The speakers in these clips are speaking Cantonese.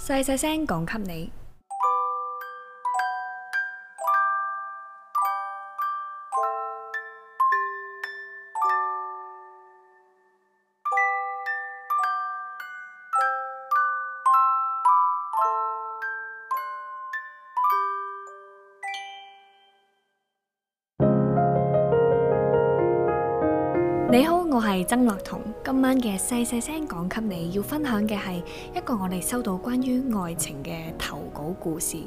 細細聲講給你。你好，我係曾樂彤。今晚嘅細細聲講給你，要分享嘅係一個我哋收到關於愛情嘅投稿故事。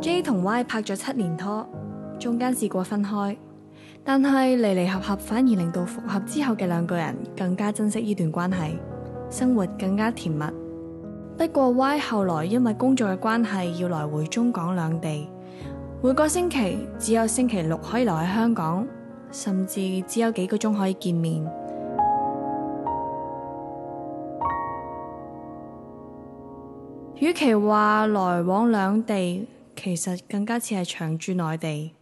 J 同 Y 拍咗七年拖，中間試過分開，但係離離合合反而令到復合之後嘅兩個人更加珍惜呢段關係，生活更加甜蜜。不過 Y 後來因為工作嘅關係要來回中港兩地。每個星期只有星期六可以留喺香港，甚至只有幾個鐘可以見面。與其話來往兩地，其實更加似係長住內地。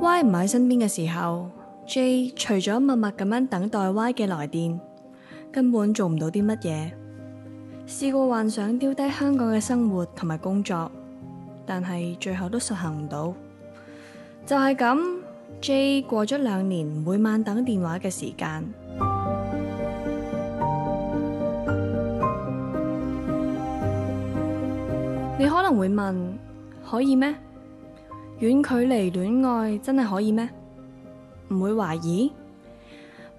Y 唔喺身邊嘅時候，J 除咗默默咁樣等待 Y 嘅來電，根本做唔到啲乜嘢。試過幻想丟低香港嘅生活同埋工作，但係最後都實行唔到。就係咁，J 過咗兩年，每晚等電話嘅時間，你可能會問：可以咩？遠距離戀愛真係可以咩？唔會懷疑？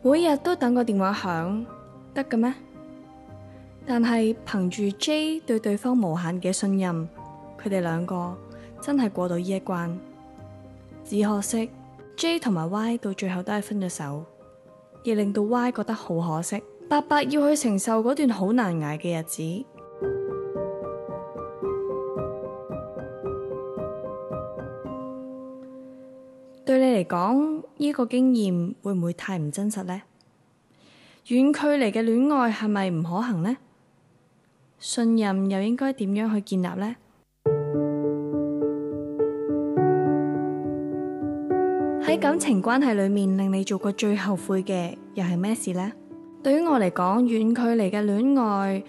每日都等個電話響，得嘅咩？但係憑住 J 對對方無限嘅信任，佢哋兩個真係過到呢一關。只可惜 J 同埋 Y 到最後都係分咗手，亦令到 Y 覺得好可惜，白白要去承受嗰段好難捱嘅日子。對你嚟講，呢個經驗會唔會太唔真實呢？遠距離嘅戀愛係咪唔可行呢？信任又應該點樣去建立呢？喺 感情關係裏面，令你做過最後悔嘅又係咩事呢？對於我嚟講，遠距離嘅戀愛，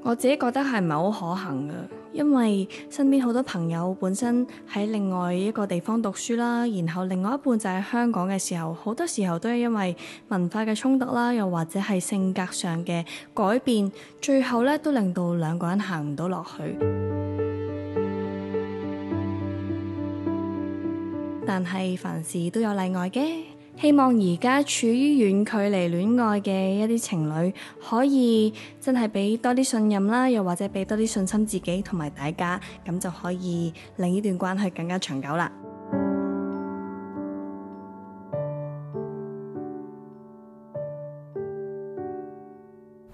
我自己覺得係唔係好可行嘅？因為身邊好多朋友本身喺另外一個地方讀書啦，然後另外一半就喺香港嘅時候，好多時候都係因為文化嘅衝突啦，又或者係性格上嘅改變，最後呢都令到兩個人行唔到落去。但係凡事都有例外嘅。希望而家處於遠距離戀愛嘅一啲情侶，可以真係俾多啲信任啦，又或者俾多啲信心自己同埋大家，咁就可以令呢段關係更加長久啦。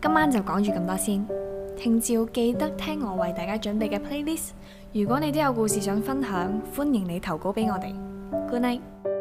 今晚就講住咁多先，聽朝記得聽我為大家準備嘅 playlist。如果你都有故事想分享，歡迎你投稿俾我哋。Good night。